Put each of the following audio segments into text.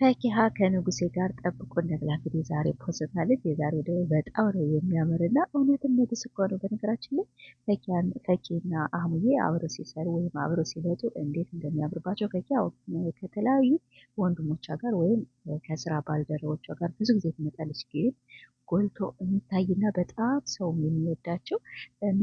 ፈኪሃ ከንጉሴ ጋር ጠብቆ ብላ እንግዲህ ዛሬ ፖስታለች። የዛሬ ደግሞ በጣም ነው የሚያምር እና እውነትም ንጉስ እኮ ነው። በነገራችን ላይ ፈኪና አሙዬ አብረው ሲሰሩ ወይም አብረው ሲመጡ እንዴት እንደሚያምርባቸው ፈኪ ከተለያዩ ወንድሞቿ ጋር ወይም ከስራ ባልደረቦቿ ጋር ብዙ ጊዜ ትመጣለች። ግን ጎልቶ የሚታይና በጣም ሰው የሚወዳቸው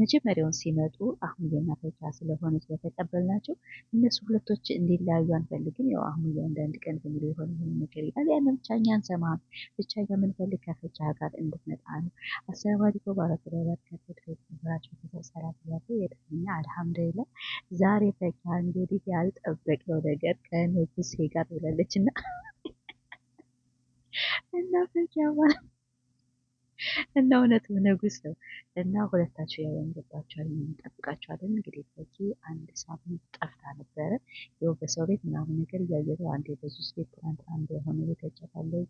መጀመሪያውን ሲመጡ አህሙዬ እና ፈይሳ ስለሆነ ስለተቀበልናቸው እነሱ ሁለቶች እንዲለያዩ አንፈልግም። ያው አህሙዬ አንዳንድ ቀን ዝም ብሎ የሆነ የሆነ ነገር ይላል። ያን ብቻ እኛ አንሰማም። ብቻኛ የምንፈልግ ከፈቻ ጋር እንድትመጣ ነው። አሰባሪቶ ባለተዳዳት ከትድሬት ነበራቸው ተሰራ ያለ የደኛ አልሐምዱሊላህ። ዛሬ ፈይሳ እንግዲህ ያልጠበቅነው ነገር ከንጉሴ ጋር ብላለች እና እና ፈጃማ እና እውነት ንጉስ ነው እና ሁለታቸው ያው ያምርባቸዋል። እንጠብቃቸዋለን እንግዲህ በቂ አንድ ሳምንት ጠፍታ ነበረ። ይኸው በሰው ቤት ምናምን ነገር እያየነው አንድ የበዙ ቤት ትናንት አንድ የሆነ ቤት አይቻታለሁ።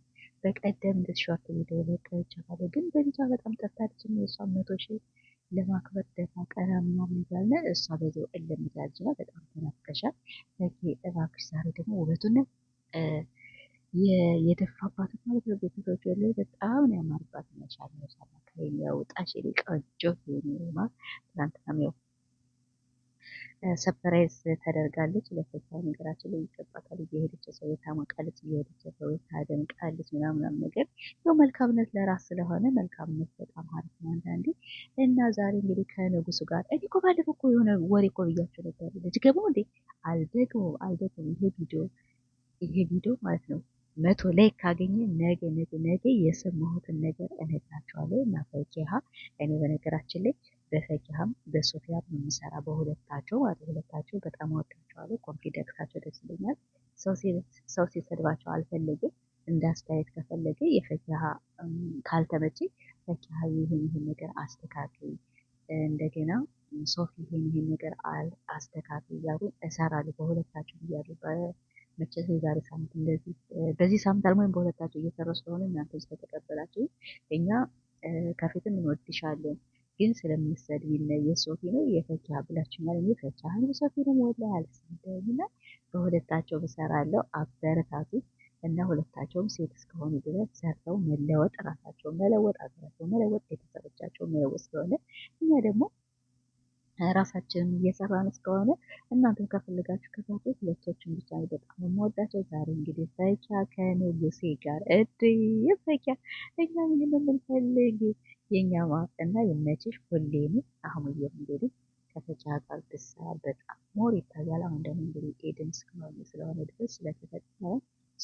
በቀደም እንደ ሾርት ቪዲዮ ለቀ አይቻታለሁ። ግን በልጇ በጣም ጠፍታለች። የእሷ መቶ ሺህ ለማክበር ደፋ ቀና ምናምን እያለ እሷ በዚው እልም እያልጅ በጣም ተናፍቀሻል። በቂ እባክሽ ዛሬ ደግሞ ውበቱንም የደፋባት ማለት ነው። ቤተሰቦች ላይ በጣም ነው ያማርባት። መቻል መቻል ከሚያውጣሽ ቆንጆ ማ ትናንትናም ያው ሰፕራይዝ ተደርጋለች። ለፈታ ነገራችን ላይ ይገባታል። እየሄደች ሰው የታሞቃለች፣ እየሄደች ሰው ታደምቃለች ምናምናም ነገር ያው መልካምነት ለራስ ስለሆነ መልካምነት በጣም አሪፍ ነው አንዳንዴ። እና ዛሬ እንግዲህ ከንጉሱ ጋር እኔ እኮ ባለፈው እኮ የሆነ ወሬ እኮ ብያቸው ነበር። ልጅ ደግሞ እንዴ አልደግሞም አልደግሞም ይሄ ቪዲዮ ይሄ ቪዲዮ ማለት ነው መቶ ላይ ካገኘ ነገ ነገ ነገ የሰማሁትን ነገር እነግራቸዋለሁ። እና ፈኪሀ እኔ በነገራችን ላይ በፈኪሀም በሶፊያም የምሰራ በሁለታቸው ማለት ሁለታቸው በጣም ወዳቸዋለሁ። ኮንፊደንሳቸው ደስ ይለኛል። ሰው ሲሰድባቸው አልፈለግም። እንደ አስተያየት ከፈለገ የፈኪሀ ካልተመቼ ፈኪሀ ይህን ይህን ነገር አስተካክል እንደገና ሶፊ ይህን ይህን ነገር አስተካክል እያሉ እሰራለሁ። በሁለታቸው እያሉ መቼስ የዛሬ ሳምንት እንደዚህ በዚህ ሳምንት አልሞ ወይም በሁለታቸው እየሰራሁ ስለሆነ እናንተ ስለተቀበላችሁ እኛ ከፊትም እንወድሻለን ግን ስለምንሰድ ይነ የሶፊ ነው የፈኪ ብላችሁኛል። እኔ ፈኪ አሁን ሶፊ ነው ወላ ያልሰደኝና በሁለታቸው ብሰራለሁ አበረታቱ እና ሁለታቸውም ሴት እስከሆኑ ድረስ ሰርተው መለወጥ ራሳቸው መለወጥ አገራቸው መለወጥ ቤተሰቦቻቸው መለወጥ ስለሆነ እኛ ደግሞ ራሳችንን እየሰራን እስከሆነ እናንተም ከፈለጋችሁ ከዛፎች ሁለቶችን ብቻ በጣም የምወዳቸው ዛሬ እንግዲህ ፈኪያ ከንጉሴ ጋር እድይ ፈኪያ፣ እኛ ይህን የምንፈልግ የእኛ ማፍጠና የመችሽ ሁሌም አህሙዬ እንግዲህ ከፈኪያ ጋር ብሰራ በጣም ሞር ይታያል። አሁን ደግሞ እንግዲህ ኤድን ስለሆነ ስለሆነ ድረስ ስለተፈጠረ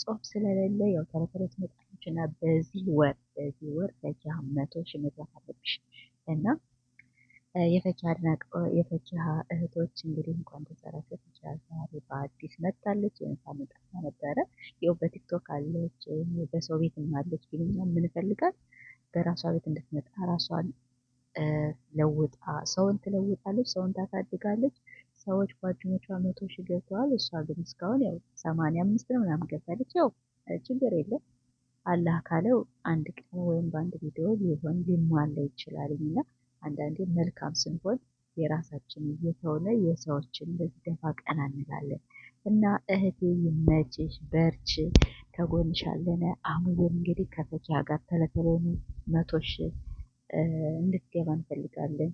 ጾም ስለሌለ ያው ተረተረት መጣች እና በዚህ ወር በዚህ ወር ፈኪያ መቶ ሺህ መግባት አለብሽ እና የፈኪሀ የፈኪሀ እህቶች እንግዲህ እንኳን ደስ አላችሁ። ፈኪሀ ዛሬ በአዲስ መጥታለች። የእንኳን ጠፋ ነበረ። ይኸው በቲክቶክ አለች፣ በሰው ቤት አለች። ግን እኛ የምንፈልጋት በራሷ ቤት እንድትመጣ ራሷን ለውጣ ሰውን ትለውጣለች፣ ሰውን ታሳድጋለች። ሰዎች ጓደኞቿ መቶ ሺህ ገብተዋል። እሷ ግን እስካሁን ያው ሰማንያ አምስት ነው ምናምን ገብታለች። ያው ችግር የለም አላህ ካለው አንድ ቀን ወይም በአንድ ቪዲዮ ሊሆን ሊሟላ ይችላል እና አንዳንዴ መልካም ስንሆን የራሳችን እየተሆነ የሰዎችን ደፋ ቀና እንላለን እና እህቴ ይመችሽ፣ በርች፣ ከጎንሽ አለን። አሁን እንግዲህ ከፈኪያ ጋር ተለተለኑ መቶ ሺህ እንድትገባ እንፈልጋለን።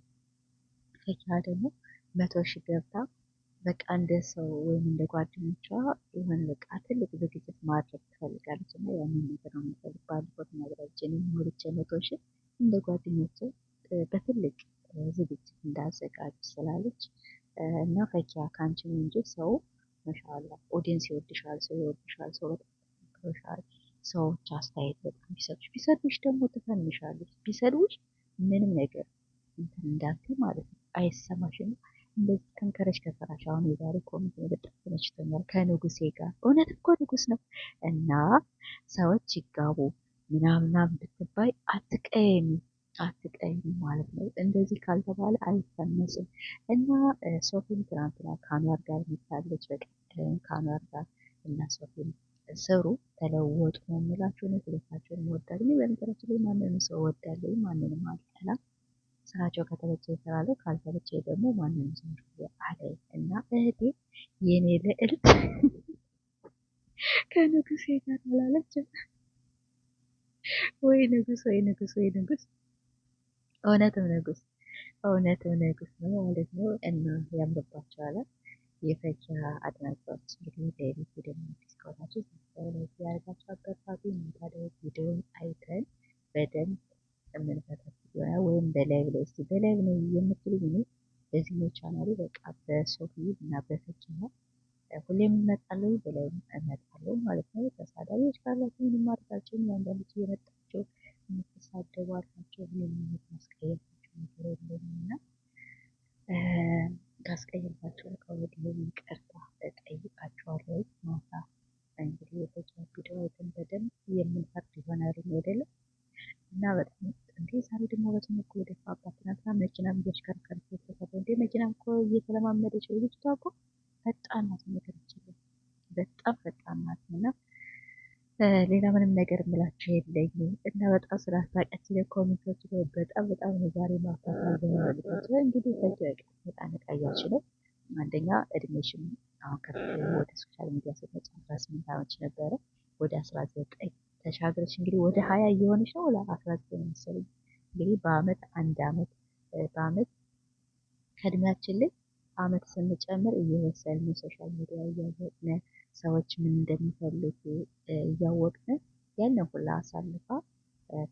ፈኪያ ደግሞ መቶ ሺህ ገብታ በቃ እንደ ሰው ወይም እንደ ጓደኞቿ የሆነ በቃ ትልቅ ዝግጅት ማድረግ ትፈልጋለች እና ያንን ነገር ነው የምፈልግ ባለፈው ተናግራችን ሞልቼ መቶ ሺህ እንደ ጓደኞቼ በትልቅ ዝግጅት እንዳዘጋጅ ስላለች እና ፈኪያ ከአንቺን እንጂ ሰው መሻላ ኦዲየንስ ይወድሻል፣ ሰው ይወድሻል፣ ሰው በጣም ሰዎች አስተያየት በጣም ቢሰጡሽ ቢሰዱሽ ደግሞ ትፈንሻለች። ቢሰዱሽ ምንም ነገር እንትን እንዳትዪ ማለት ነው አይሰማሽም። እንደዚህ ተንከረሽ ከሰራሽ አሁን የዛሬ ኮሚቴ ነው በጣም ተመችቶኛል ከንጉሴ ጋር እውነት እኮ ንጉስ ነው እና ሰዎች ይጋቡ ምናምናም ብትባይ አትቀየሚ። አትቀይም ማለት ነው። እንደዚህ ካልተባለ አይፈመስም እና ሶፊን ትናንትና ካኗር ጋር ሚታለች በቀደም ካኗር ጋር እና ሶፊን ስሩ ተለወጡ ነው የሚላቸው ነው። ሁለታቸውን ወዳለሁ። በነገራችን ላይ ማንንም ሰው ወዳለሁ፣ ማንንም አልጠላም። ስራቸው ከተመቸ ይሰራለሁ፣ ካልተመቸ ደግሞ ማንንም ሰው አለ እና እህቴ የኔ ልዕልት ከንጉሴ ጋር አላለችም ወይ ንጉስ ወይ ንጉስ ወይ ንጉስ እውነትም ንጉስ እውነትም ንጉስ ነው ማለት ነው። እና ያምርባቸዋል። የፈጃ አድናቂዎች እንግዲህ ለቤት ደግሞ አዲስ ከሆናችሁ ሰብስክራይብ ያደርጋችሁ አበረታቱ። ማታ ላይ ቪዲዮን አይተን በደንብ የምንፈታት ይሆናል። ወይም በላይቭ ላይ እስኪ በላይቭ ነው የምትሉኝ እኔ በዚህ ቻናሉ በቃ በሶፊ እና በፈጃ ነው ሁሌም እመጣለሁ በላይም እመጣለሁ ማለት ነው። ተሳዳቢዎች ካላችሁ ምንም አድርጋችሁን እየተሽከረከረ ይፈታለ እንደ መኪና እኮ እየተለማመደች ነው። ልጅቷ እኮ ፈጣን ናት፣ ነገራችን ላይ በጣም ፈጣን ናት። እና ሌላ ምንም ነገር የምላችሁ የለኝ እና በጣም ስላሳቀች ኮሜንቶች ላይ በጣም በጣም ነው ዛሬ ማፍራት ዘመልቶች እንግዲህ ከጅቅ ጣነቃያች ነው። አንደኛ እድሜሽም አሁን ከፍ ወደ ሶሻል ሚዲያ ስትመጪ አስራ ስምንት አመች ነበረ ወደ አስራ ዘጠኝ ተሻገረች። እንግዲህ ወደ ሀያ እየሆነች ነው። አስራ ዘጠኝ መሰለኝ እንግዲህ በአመት አንድ አመት በአመት ከእድሜያችን ላይ አመት ስንጨምር እየበሰልን ሶሻል ሚዲያ እያወቅን ሰዎች ምን እንደሚፈልጉ እያወቅን ያንን ሁላ አሳልፋ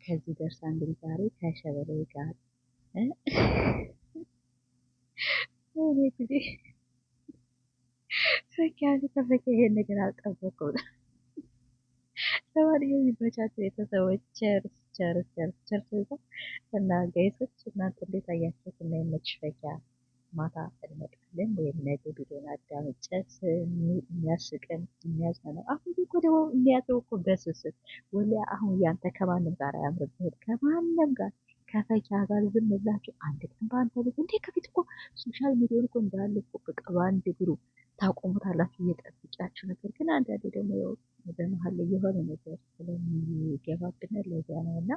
ከዚህ ደርሳ እንግዲህ ዛሬ ከሸበሌ ጋር ጊዜ ፈኪያ ተፈኪያ ይሄን ነገር አልጠበቀው ለማንኛውም ይመቻችሁ ቤተሰቦች። ቸርስ ቸርስ ቸርስ ቸርስ ይዛ እና ጋይሶች እናንተ እንዴት አያችሁት? እና የመችፈቂያ ማታ እንመጣለን ወይም ነገ ቢሆን አዳምጨት የሚያስቅን የሚያዝናና አሁን እኮ ደግሞ የሚያጥሩ እኮ በስስት ወላሂ አሁን እያንተ ከማንም ጋር አያምርብህም ከማንም ጋር ከፈኪያ ጋር ዝም ብላችሁ አንድ ቀን በአንተ ልጅ እንዴ ከፊት እኮ ሶሻል ሚዲያውን እኮ እንዳለ እኮ በቃ በአንድ ግሩፕ ታቆሙታላችሁ እየጠብቂያችሁ። ነገር ግን አንዳንዴ ደግሞ በመሀል ላይ የሆነ ነገር ስለሚገባብን ለዚያ ነው እና